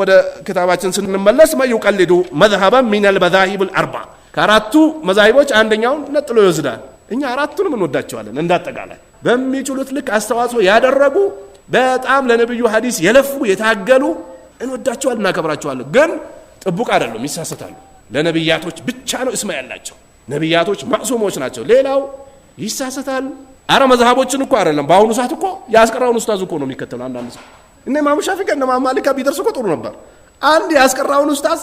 ወደ ክታባችን ስንመለስ መዩቀልዱ መዝሀበ ሚነል መዛሂብ አርባ ከአራቱ መዛሂቦች አንደኛውን ነጥሎ ይወስዳል። እኛ አራቱንም እንወዳቸዋለን። እንዳጠቃላይ በሚችሉት ልክ አስተዋጽኦ ያደረጉ በጣም ለነብዩ ሀዲስ የለፉ የታገሉ እንወዳቸዋል፣ እናከብራቸዋለን። ግን ጥቡቅ አይደሉም፣ ይሳሰታሉ። ለነብያቶች ብቻ ነው እስማ ያላቸው። ነብያቶች ማዕሱሞች ናቸው። ሌላው ይሳሰታል። አረ መዛሃቦችን እኮ አይደለም በአሁኑ ሰዓት እኮ የአስቀራውን ኡስታዝ እኮ ነው የሚከተሉ አንዳንድ ሰው እነ ኢማሙ ሻፊዒ እነ ኢማም ማሊክ ቢደርሱ እኮ ጥሩ ነበር። አንድ ያስቀራውን ኡስታዝ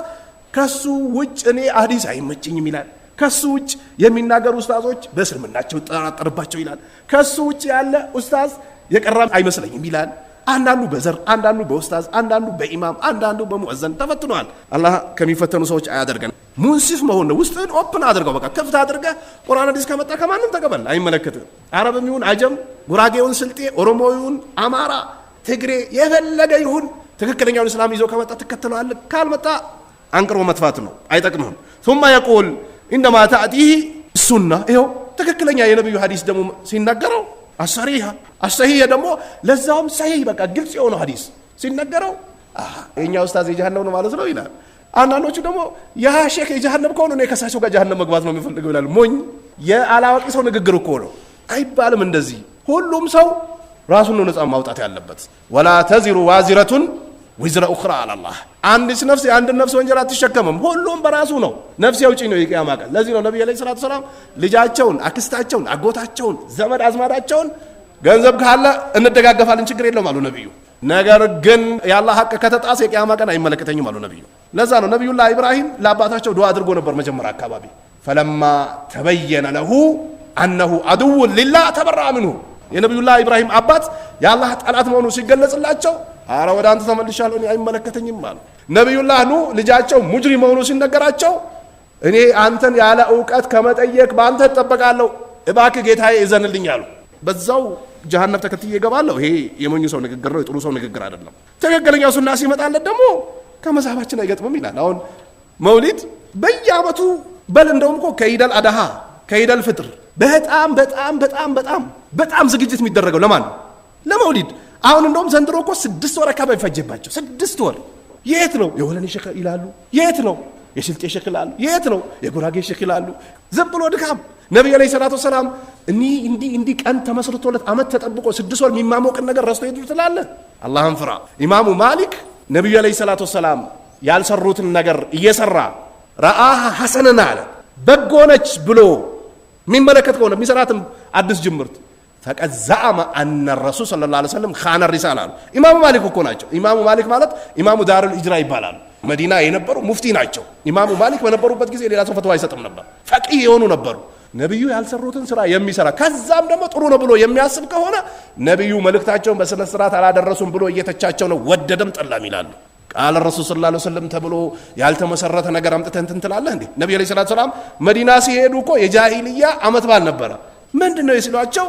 ከሱ ውጭ እኔ አዲስ አይመችኝም ይላል። ከሱ ውጭ የሚናገሩ ኡስታዞች በእስልምናቸው ጠራጠርባቸው ይላል። ከሱ ውጭ ያለ ኡስታዝ የቀራ አይመስለኝም ይላል። አንዳንዱ በዘር አንዳንዱ በኡስታዝ አንዳንዱ በኢማም አንዳንዱ በሙዕዘን ተፈትኗል አላህ ከሚፈተኑ ሰዎች አያደርገን። ሙንሲፍ መሆን ነው። ውስጥን ኦፕን አድርገው፣ በቃ ክፍት አድርገህ ቁርአን አዲስ ከመጣ ከማንም ተቀበል፣ አይመለከትም። አረብም ይሁን አጀም፣ ጉራጌውን፣ ስልጤ፣ ኦሮሞውን፣ አማራ ትግሬ የፈለገ ይሁን ትክክለኛውን እስላም ይዞ ከመጣ ትከተለዋለህ፣ ካልመጣ አንቅርቦ መጥፋት ነው፣ አይጠቅምህም። ثم يقول انما تأتيه السنة ይኸው ትክክለኛ የነብዩ ሀዲስ ደግሞ ሲናገረው አሰሪሃ አሰሂየ ደግሞ ለዛውም ሰሂህ በቃ ግልጽ የሆነ ሀዲስ ሲናገረው የእኛ ኡስታዝ የጀሃነም ነው ማለት ነው ይላል። አንዳንዶቹ ደግሞ ያ ሼክ የጀሃነም ከሆነ እኔ ከሳቸው ጋር ጀሃነም መግባት ነው የሚፈልገው ይላል። ሞኝ የአላዋቂ ሰው ንግግር እኮ ነው። አይባልም እንደዚህ ሁሉም ሰው ራሱን ነው ነፃ ማውጣት ያለበት። ወላ ተዚሩ ዋዚረቱን ዊዝረ ኡኽራ አላላህ አንዲት ነፍስ የአንድ ነፍስ ወንጀል አትሸከምም። ሁሉም በራሱ ነው። ነፍስ ያውጪ ነው የቅያማ ቀን። ለዚህ ነው ነቢዩ ዓለይሂ ሰላቱ ሰላም ልጃቸውን፣ አክስታቸውን፣ አጎታቸውን፣ ዘመድ አዝማዳቸውን ገንዘብ ካለ እንደጋገፋለን ችግር የለውም አሉ ነቢዩ። ነገር ግን የአላህ ሀቅ ከተጣሰ የቅያማ ቀን አይመለከተኝም አሉ ነቢዩ። ለዛ ነው ነቢዩላህ ኢብራሂም ለአባታቸው ዱዓ አድርጎ ነበር መጀመሪያ አካባቢ። ፈለማ ተበየነ ለሁ አነሁ አድውን ሊላህ ተበረአ ምንሁ የነቢዩላ ኢብራሂም አባት የአላህ ጠላት መሆኑ ሲገለጽላቸው አረ ወደ አንተ ተመልሻለሁ እኔ አይመለከተኝም አሉ። ነቢዩላህ ኑ ልጃቸው ሙጅሪ መሆኑ ሲነገራቸው እኔ አንተን ያለ እውቀት ከመጠየቅ በአንተ እጠበቃለሁ፣ እባክህ ጌታዬ እዘንልኝ አሉ። በዛው ጀሃነም ተከትዬ እገባለሁ። ይሄ የሞኙ ሰው ንግግር ነው፣ የጥሩ ሰው ንግግር አይደለም። ትክክለኛው ሱና ሲመጣለት ደግሞ ከመዛባችን አይገጥምም ይላል። አሁን መውሊድ በየአመቱ በል እንደውም እኮ ከኢደል አድሃ ከኢደል ፍጥር በጣም በጣም በጣም በጣም በጣም ዝግጅት የሚደረገው ለማን ነው? ለመውሊድ። አሁን እንደውም ዘንድሮ እኮ ስድስት ወር አካባቢ ፈጀባቸው። ስድስት ወር የት ነው የወለኔ ሸክ ይላሉ፣ የት ነው የስልጤ ሸክ ይላሉ፣ የት ነው የጉራጌ ሸክ ይላሉ። ዝም ብሎ ድካም። ነቢዩ ዐለይሂ ሰላቱ ወሰላም እኒህ እንዲህ እንዲህ ቀን ተመስርቶለት አመት ተጠብቆ ስድስት ወር የሚማሞቅን ነገር ረስቶ ሄዱ ትላለ። አላህን ፍራ። ኢማሙ ማሊክ ነቢዩ ዐለይሂ ሰላቱ ወሰላም ያልሰሩትን ነገር እየሰራ ረአሃ ሐሰንን አለ በጎነች ብሎ የሚመለከት ከሆነ የሚሰራትም አዲስ ጅምርት ፈቀድ ዘዐመ አነ ረሱል ሰለላሁ ዐለይሂ ወሰለም ካነ ሪሳላ አሉ። ኢማሙ ማሊክ እኮ ናቸው። ኢማሙ ማሊክ ማለት ኢማሙ ዳርል ሂጅራ ይባላሉ። መዲና የነበሩ ሙፍቲ ናቸው። ኢማሙ ማሊክ በነበሩበት ጊዜ ሌላ ሰው ፈትዋ አይሰጥም ነበር። ፈቂህ የሆኑ ነበሩ። ነቢዩ ያልሰሩትን ስራ የሚሰራ ከዛም ደግሞ ጥሩ ነው ብሎ የሚያስብ ከሆነ ነቢዩ መልእክታቸውን በስነ ስርዓት አላደረሱም ብሎ እየተቻቸው ነው። ወደደም ጠላም ይላሉ። ቃለ ረሱል ስለ ላ ስለም ተብሎ ያልተመሰረተ ነገር አምጥተህ እንትን እንዴ? ነቢዩ ዐለይሂ ሰላቱ ሰላም መዲና ሲሄዱ እኮ የጃሂልያ አመት በዓል ነበረ። ምንድን ነው የሲሏቸው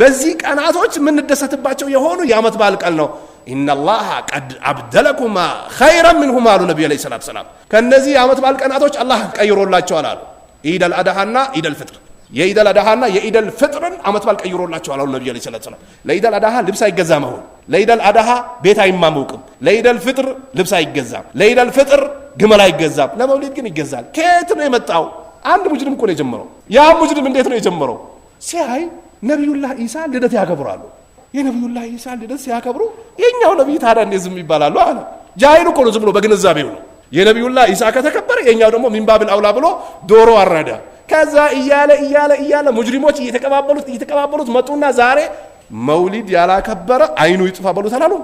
በዚህ ቀናቶች የምንደሰትባቸው የሆኑ የአመት በዓል ቀን ነው። ኢነላሃ ቀድ አብደለኩማ ኸይረን ሚንሁም አሉ ነቢዩ ዓለይሂ ሰላቱ ሰላም። ከእነዚህ የአመት በዓል ቀናቶች አላህ ቀይሮላቸዋል አሉ። ኢደል አድሃና ኢደል ፍጥር የኢደል አድሃና የኢደል ፍጥርን ዓመት በዓል ቀይሮላቸዋል አሉ ነቢዩ ዓለይሂ ሰላቱ ሰላም። ለኢደል አድሃ ልብስ አይገዛም። አሁን ለኢደል አድሃ ቤት አይማመውቅም። ለኢደል ፍጥር ልብስ አይገዛም። ለኢደል ፍጥር ግመል አይገዛም። ለመውሊድ ግን ይገዛል። ከየት ነው የመጣው? አንድ ሙጅሪም እኮ ነው የጀመረው። ያ ሙጅሪም እንዴት ነው የጀመረው ሲያይ ነቢዩላህ ኢሳ ልደት ያከብራሉ። የነቢዩላህ ኢሳ ልደት ሲያከብሩ የእኛው ነቢይ ታዲያ እንዴት ዝም ይባላሉ? አለ ጃይሉ እኮ ነው ዝም ብሎ በግንዛቤው ነው። የነቢዩላህ ኢሳ ከተከበረ የእኛው ደግሞ ሚንባብል አውላ ብሎ ዶሮ አረደ። ከዛ እያለ እያለ እያለ ሙጅሪሞች እየተቀባበሉት እየተቀባበሉት መጡና ዛሬ መውሊድ ያላከበረ አይኑ ይጥፋ በሉት አላሉ።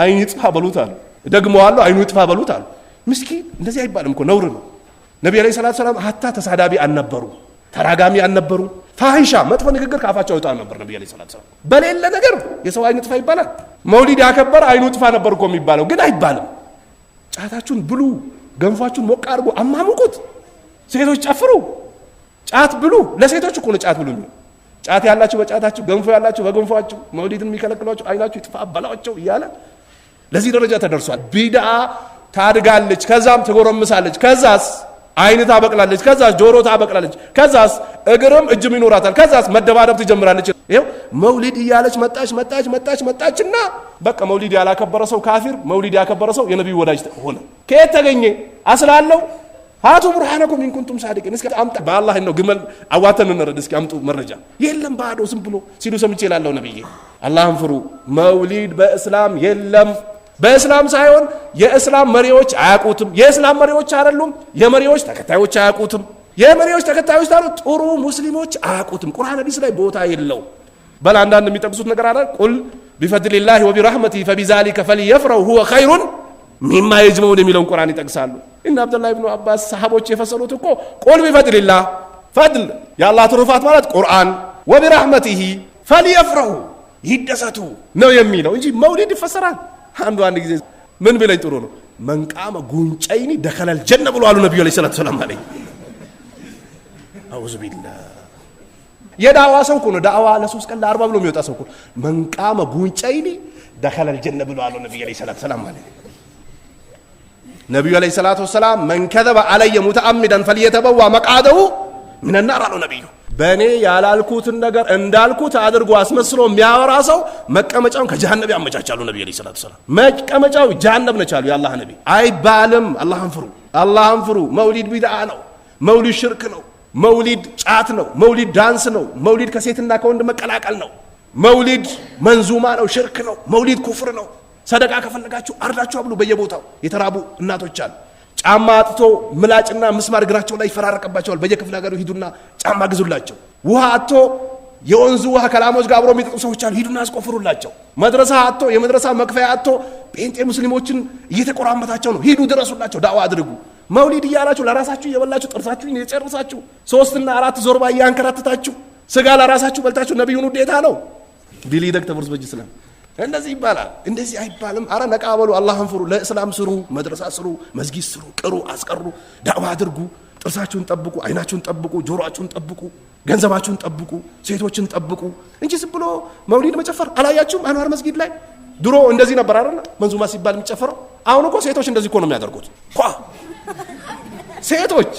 አይኑ ይጥፋ በሉት አሉ። ደግሞ አሉ አይኑ ይጥፋ በሉት አሉ። ምስኪን እንደዚህ አይባልም እኮ ነውር ነው። ነቢ ዓለይሂ ሰላቱ ሰላም ሀታ ተሳዳቢ አልነበሩም። ተራጋሚ አልነበሩ። ፋሂሻ መጥፎ ንግግር ካፋቸው አይወጣ ነበር ነብዩ አለይሂ ሰላም። በሌለ ነገር የሰው አይኑ ጥፋ ይባላል። መውሊድ ያከበረ አይኑ ጥፋ ነበር እኮ የሚባለው ግን አይባልም። ጫታችሁን ብሉ፣ ገንፏችሁን ሞቅ አድርጎ አማሙቁት፣ ሴቶች ጨፍሩ፣ ጫት ብሉ። ለሴቶች እኮ ነው ጫት ብሉ። ጫት ያላችሁ በጫታችሁ፣ ገንፎ ያላችሁ በገንፏችሁ፣ መውሊድን የሚከለክሏችሁ አይናችሁ ይጥፋ አበላቸው እያለ ለዚህ ደረጃ ተደርሷል። ቢድአ ታድጋለች፣ ከዛም ትጎረምሳለች። ከዛስ አይን ታበቅላለች፣ ከዛስ ጆሮ ታበቅላለች፣ ከዛስ እግርም እጅም ይኖራታል፣ ከዛስ መደባደብ ትጀምራለች። ይኸው መውሊድ እያለች መጣች መጣች መጣች መጣችና በቃ መውሊድ ያላከበረ ሰው ካፊር፣ መውሊድ ያከበረ ሰው የነቢዩ ወዳጅ ሆነ። ከየት ተገኘ አስላለው አቱ ብርሃነኩም ኢንኩንቱም ሳዲቅን እስኪ አምጣ በአላህ ነው ግመል አዋተን እንረድ እስኪ አምጡ መረጃ የለም ባዶ ዝም ብሎ ሲሉ ሰምቼ ላለሁ ነብዬ አላህን ፍሩ መውሊድ በእስላም የለም በእስላም ሳይሆን የእስላም መሪዎች አያውቁትም። የእስላም መሪዎች አይደሉም። የመሪዎች ተከታዮች አያውቁትም። የመሪዎች ተከታዮች ታሉ ጥሩ ሙስሊሞች አያውቁትም። ቁርአን ሐዲስ ላይ ቦታ የለው። በል አንዳንድ የሚጠቅሱት ነገር አለ። ቁል ቢፈድሊላሂ ወቢራህመቲ ፈቢዛሊከ ፈልየፍረው ሁወ ኸይሩን ሚማ የጅመውን የሚለውን ቁርአን ይጠቅሳሉ። እና አብዱላህ ብኑ አባስ ሰሃቦች የፈሰሉት እኮ ቁል ቢፈድሊላህ ፈድል የአላህ ትሩፋት ማለት ቁርአን ወቢራህመቲሂ ፈልየፍረሁ ይደሰቱ ነው የሚለው እንጂ መውሊድ ይፈሰራል አንዱ አንድ ጊዜ ምን ብለኝ ጥሩ ነው መንቃመ ጉንጨይኒ ደከለል ጀነ ብሎ አሉ ነቢዩ ዐለይሂ ሰላቱ ሰላም አለኝ። አውዙ ቢላ የዳዋ ሰው እኮ ነው። ዳዋ ለሶስት ቀን ለአርባ ብሎ የሚወጣ ሰው እኮ መንቃመ ጉንጨይኒ ደከለል ጀነ ብሎ አሉ ነቢዩ ዐለይሂ ሰላቱ ሰላም አለኝ። ነቢዩ ዐለይሂ ሰላቱ ሰላም መንከዘበ አለየ ሙተአሚደን ፈልየተበዋ መቃደው ሚነናር አሉ ነቢዩ በእኔ ያላልኩትን ነገር እንዳልኩት አድርጎ አስመስሎ የሚያወራ ሰው መቀመጫውን ከጀሃነብ ያመቻቻሉ። ነቢ ዐለይሂ ሰላቱ ሰላም መቀመጫው ጀሃነብ ነች አሉ የአላህ ነቢ። አይባልም። አላህን ፍሩ፣ አላህን ፍሩ። መውሊድ ቢድዓ ነው። መውሊድ ሽርክ ነው። መውሊድ ጫት ነው። መውሊድ ዳንስ ነው። መውሊድ ከሴትና ከወንድ መቀላቀል ነው። መውሊድ መንዙማ ነው፣ ሽርክ ነው። መውሊድ ኩፍር ነው። ሰደቃ ከፈለጋችሁ አርዳችሁ ብሎ በየቦታው የተራቡ እናቶች አሉ። ጫማ አጥቶ ምላጭና ምስማር እግራቸው ላይ ይፈራረቀባቸዋል። በየክፍለ ሀገሩ ሂዱና ጫማ ግዙላቸው። ውሃ አጥቶ የወንዙ ውሃ ከላሞች ጋር አብሮ የሚጠጡ ሰዎች አሉ፣ ሂዱና አስቆፍሩላቸው። መድረሳ አጥቶ የመድረሳ መክፈያ አጥቶ ጴንጤ ሙስሊሞችን እየተቆራመታቸው ነው፣ ሂዱ ድረሱላቸው፣ ዳዋ አድርጉ። መውሊድ እያላችሁ ለራሳችሁ እየበላችሁ ጥርሳችሁ የጨርሳችሁ ሶስትና አራት ዞርባ እያንከራትታችሁ ስጋ ለራሳችሁ በልታችሁ ነቢዩን ውዴታ ነው ቢሊደግ ተብርስ በጅ ስላም እንደዚህ ይባላል። እንደዚህ አይባልም። አረ ነቃ በሉ፣ አላህን ፍሩ፣ ለእስላም ስሩ፣ መድረሳ ስሩ፣ መስጊድ ስሩ፣ ቅሩ፣ አስቀሩ፣ ዳዕዋ አድርጉ፣ ጥርሳችሁን ጠብቁ፣ አይናችሁን ጠብቁ፣ ጆሮአችሁን ጠብቁ፣ ገንዘባችሁን ጠብቁ፣ ሴቶችን ጠብቁ እንጂ ዝም ብሎ መውሊድ መጨፈር አላያችሁም? አንዋር መስጊድ ላይ ድሮ እንደዚህ ነበር አይደለ? መንዙማ ሲባል የሚጨፈረው። አሁን እኮ ሴቶች እንደዚህ እኮ ነው የሚያደርጉት። ኳ ሴቶች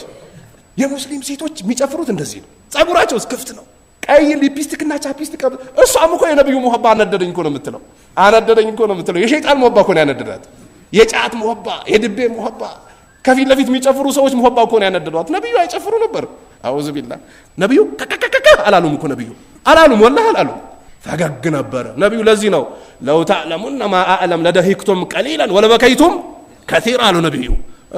የሙስሊም ሴቶች የሚጨፍሩት እንደዚህ ነው። ጸጉራቸው ክፍት ነው። ቀይ ሊፕስቲክና ቻፕስቲክ እሷም እኮ የነቢዩ ሞባ አነደደኝ እኮ ነው የምትለው። አነደደኝ እኮ ነው የምትለው። የሸይጣን ሞባ እኮ ነው ያነደዳት። የጫት ሞባ፣ የድቤ ሞባ፣ ከፊት ለፊት የሚጨፍሩ ሰዎች ሞባ እኮ ነው ያነደዷት። ነቢዩ አይጨፍሩ ነበር። አውዝ ቢላ ነቢዩ ከከከከከ አላሉም እኮ ነቢዩ አላሉም፣ ወላህ አላሉም። ፈገግ ነበረ ነቢዩ። ለዚህ ነው ለው ታዕለሙና ማ አዕለም ለደሂክቱም ቀሊላን ወለበከይቱም ከሲር አሉ ነቢዩ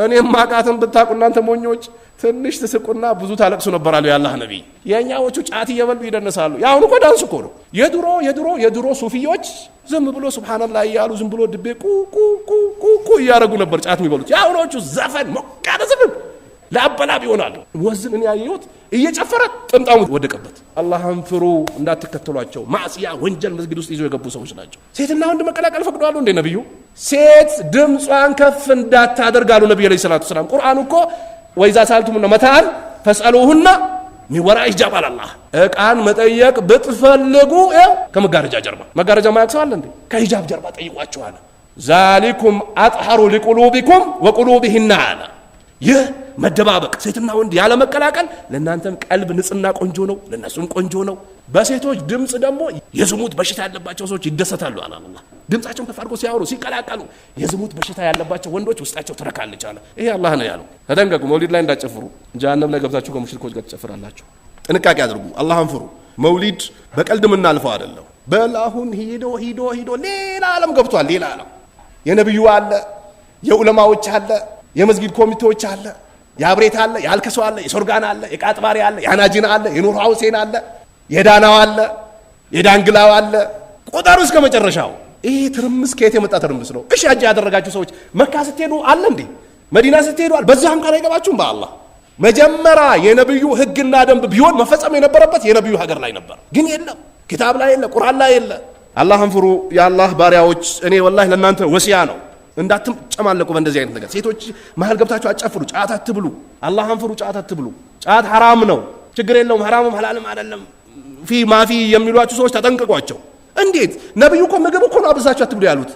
እኔ ማቃትን ብታውቁ እናንተ ሞኞች ትንሽ ትስቁና ብዙ ታለቅሱ ነበራሉ። ያላህ ነቢይ የእኛዎቹ ጫት እየበሉ ይደንሳሉ። የአሁኑ እኮ ዳንስ እኮ ነው። የድሮ የድሮ የድሮ ሱፊዎች ዝም ብሎ ስብሓንላ እያሉ ዝም ብሎ ድቤ ቁ ቁ ቁ ቁ እያደረጉ ነበር ጫት የሚበሉት። የአሁኖቹ ዘፈን ሞቃለ ዘፈን ለአበላብ ይሆናል። ወዝን እኔ ያየሁት እየጨፈረ ጥምጣሙ ወደቀበት። አላህን ፍሩ፣ እንዳትከተሏቸው። ማዕስያ ወንጀል መስጊድ ውስጥ ይዞ የገቡ ሰዎች ናቸው። ሴትና ወንድ መቀላቀል ፈቅደዋሉ እንዴ? ነቢዩ ሴት ድምጿን ከፍ እንዳታደርግ አሉ ነቢዩ ዓለይሂ ሰላቱ ሰላም። ቁርአኑ እኮ ወይዛ ሳልቱምና መታን ፈስአሉሁና ሚወራ ሂጃብ አላህ እቃን መጠየቅ ብትፈልጉ ከመጋረጃ ጀርባ መጋረጃ ማያቅ ሰው አለ እንዴ? ከሂጃብ ጀርባ ጠይቋቸዋል። ዛሊኩም አጥሐሩ ሊቁሉቢኩም ወቁሉቢህና አለ ይህ መደባበቅ ሴትና ወንድ ያለ ለእናንተም ቀልብ ንጽህና ቆንጆ ነው፣ ለእነሱም ቆንጆ ነው። በሴቶች ድምፅ ደግሞ የዝሙት በሽታ ያለባቸው ሰዎች ይደሰታሉ። አላላ ድምፃቸውን ከፍ አድርጎ ሲያወሩ ሲቀላቀሉ የዝሙት በሽታ ያለባቸው ወንዶች ውስጣቸው ትረካለች አለ። ይሄ አላህ ነው ያለው። ተጠንቀቁ፣ መውሊድ ላይ እንዳጨፍሩ። ጀሃነም ላይ ገብታችሁ ከሙሽሪኮች ጋር ትጨፍራላችሁ። ጥንቃቄ አድርጉ፣ አላህን ፍሩ። መውሊድ በቀልድ ምናልፈው አይደለም። በላሁን ሂዶ ሂዶ ሂዶ ሌላ ዓለም ገብቷል። ሌላ ዓለም የነቢዩ አለ የዑለማዎች አለ የመስጊድ ኮሚቴዎች አለ፣ የአብሬት አለ፣ የአልከሶ አለ፣ የሶርጋን አለ፣ የቃጥባሪ አለ፣ የአናጂና አለ፣ የኑር ሀውሴን አለ፣ የዳናው አለ፣ የዳንግላው አለ። ቆጣሩ እስከ መጨረሻው። ይህ ትርምስ ከየት የመጣ ትርምስ ነው? እሺ አጃ ያደረጋችሁ ሰዎች መካ ስትሄዱ አለ እንዴ? መዲና ስትሄዱ አለ? በዚህ እንኳን አይገባችሁም። በአላህ መጀመሪያ የነቢዩ ህግና ደንብ ቢሆን መፈጸም የነበረበት የነቢዩ ሀገር ላይ ነበር፣ ግን የለም። ኪታብ ላይ የለ፣ ቁርአን ላይ የለ። አላህን ፍሩ የአላህ ባሪያዎች። እኔ ወላሂ ለእናንተ ወሲያ ነው እንዳትጨማለቁ በእንደዚህ አይነት ነገር። ሴቶች መሀል ገብታችሁ አጨፍሩ፣ ጫት አትብሉ። አላህን ፍሩ፣ ጫት አትብሉ። ጫት ሐራም ነው፣ ችግር የለውም ሐራምም ሐላልም አይደለም ፊ ማፊ የሚሏችሁ ሰዎች ተጠንቅቋቸው። እንዴት ነቢዩ እኮ ምግብ እኮ ነው አብዛችሁ አትብሉ ያሉት።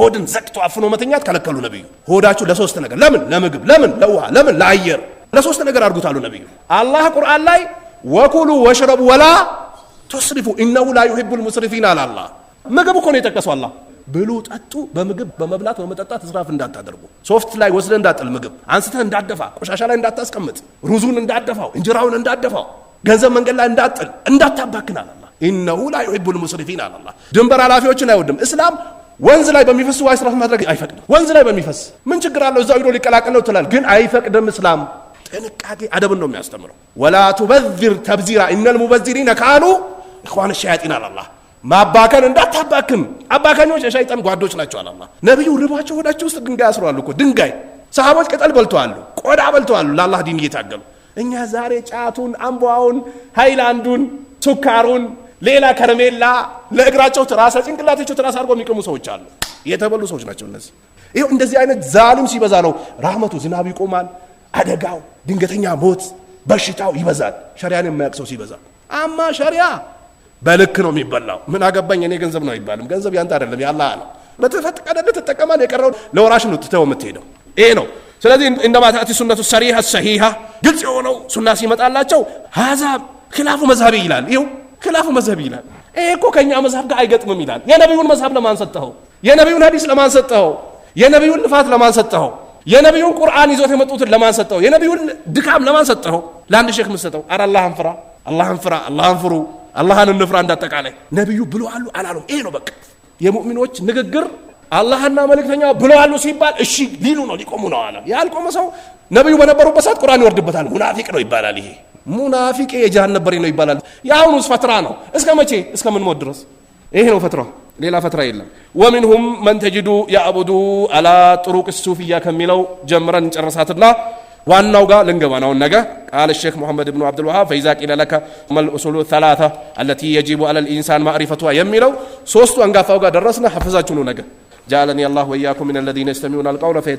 ሆድን ዘግቶ አፍኖ መተኛት ከለከሉ ነቢዩ። ሆዳችሁ ለሶስት ነገር ለምን ለምግብ፣ ለምን ለውሃ፣ ለምን ለአየር፣ ለሶስት ነገር አድርጉታሉ ነቢዩ። አላህ ቁርአን ላይ ወኩሉ ወሽረቡ ወላ ቱስሪፉ ኢነሁ ላ ዩሂቡል ሙስሪፊን አላላ ምግብ እኮ ነው የጠቀሱ አላህ ብሉ፣ ጠጡ። በምግብ በመብላት በመጠጣት እስራፍ እንዳታደርጉ። ሶፍት ላይ ወስደህ እንዳጥል፣ ምግብ አንስተህ እንዳደፋ፣ ቆሻሻ ላይ እንዳታስቀምጥ፣ ሩዙን እንዳደፋው፣ እንጀራውን እንዳደፋው፣ ገንዘብ መንገድ ላይ እንዳጥል፣ እንዳታባክን አለ ኢነሁ ላ ዩሂቡል ሙስሪፊን አለ ድንበር አላፊዎችን አይወድም እስላም። ወንዝ ላይ በሚፈስ ውሃ እስራፍ ማድረግ አይፈቅድም። ወንዝ ላይ በሚፈስ ምን ችግር አለው? እዛው ሂዶ ሊቀላቀል ነው ትላል፣ ግን አይፈቅድም እስላም። ጥንቃቄ አደብን ነው የሚያስተምረው። ወላ ቱበዚር ተብዚራ ኢነል ሙበዚሪነ ካኑ ኢኽዋነ ሸያጢን አለ ማባከን እንዳታባክን፣ አባካኞች የሻይጣን ጓዶች ናቸው አለ ነቢዩ ርባቸው ሆዳቸው ውስጥ ድንጋይ አስሯል እኮ ድንጋይ። ሰሃቦች ቅጠል በልተዋሉ፣ ቆዳ በልተዋሉ፣ ለአላህ ዲን እየታገሉ። እኛ ዛሬ ጫቱን፣ አምቧውን፣ ሃይላንዱን፣ ሱካሩን፣ ሌላ ከረሜላ ለእግራቸው ትራስ፣ ለጭንቅላታቸው ትራስ አድርጎ የሚቀሙ ሰዎች አሉ። የተበሉ ሰዎች ናቸው እነዚህ። ይኸው እንደዚህ አይነት ዛሊም ሲበዛ ነው ራህመቱ፣ ዝናብ ይቆማል፣ አደጋው፣ ድንገተኛ ሞት፣ በሽታው ይበዛል። ሸሪያን የማያውቅ ሰው ሲበዛ አማ ሸሪያ በልክ ነው የሚበላው። ምን አገባኝ እኔ ገንዘብ ነው አይባልም። ገንዘብ ያንተ አይደለም ያላህ ነው። በተፈቀደልህ ትጠቀማለህ፣ የቀረውን ለወራሽ ነው ትተው የምትሄደው። ይሄ ነው። ስለዚህ እንደማ ታእቲ ሱነቱ ሰሪሐ ሰሂሃ ግልጽ የሆነው ሱና ሲመጣላቸው ሀዛ ክላፉ መዝሀቢ ይላል። ይኸው ኪላፉ መዝሀቢ ይላል። ይሄ እኮ ከእኛ መዝሀብ ጋር አይገጥምም ይላል። የነቢዩን መዝሀብ ለማን ሰጠኸው? የነቢዩን ሀዲስ ለማን ሰጠኸው? የነቢዩን ልፋት ለማን ሰጠኸው? የነቢዩን ቁርአን ይዞት የመጡትን ለማን ሰጠኸው? የነቢዩን ድካም ለማን ሰጠኸው? ለአንድ ሼክ የምትሰጠው? ኧረ አላህን ፍራ፣ አላህን ፍራ፣ አላህን ፍሩ አላህን እንፍራ። እንዳጠቃላይ ነቢዩ ብለዋሉ አላሉም፣ ይሄ ነው በቃ የሙእሚኖች ንግግር። አላህና መልእክተኛ ብለዋሉ ሲባል እሺ ሊሉ ነው ሊቆሙ ነው አለ። ያልቆመ ሰው ነቢዩ በነበሩበት ሰዓት ቁርአን ይወርድበታል፣ ሙናፊቅ ነው ይባላል። ይሄ ሙናፊቅ የጀሃነም ነበር ነው ይባላል። የአሁኑስ ፈትራ ነው። እስከ መቼ? እስከምንሞት ድረስ ይሄ ነው ፈትራ። ሌላ ፈትራ የለም። ወሚንሁም መን ተጅዱ ያዕቡዱ አላ ጥሩቅ ሱፍያ ከሚለው ጀምረን ጨረሳትና ዋናው ጋር ልንገባ ነው። ነገ ቃል ሼክ ሙሐመድ ብኑ አብዱልዋሃብ ፈይዛ ቂለ ለከ መል ኡሱሉ ሰላሳ አለቲ የጂቡ አለል ኢንሳን ማዕሪፈቱዋ የሚለው ሶስቱ አንጋፋው ጋር ደረስነ። ሐፍዛችሁ ነው ነገ ጃአለኒ አላህ ወኢያኩም ሚነ ለዚነ የስተሚዑነ አልቀውለ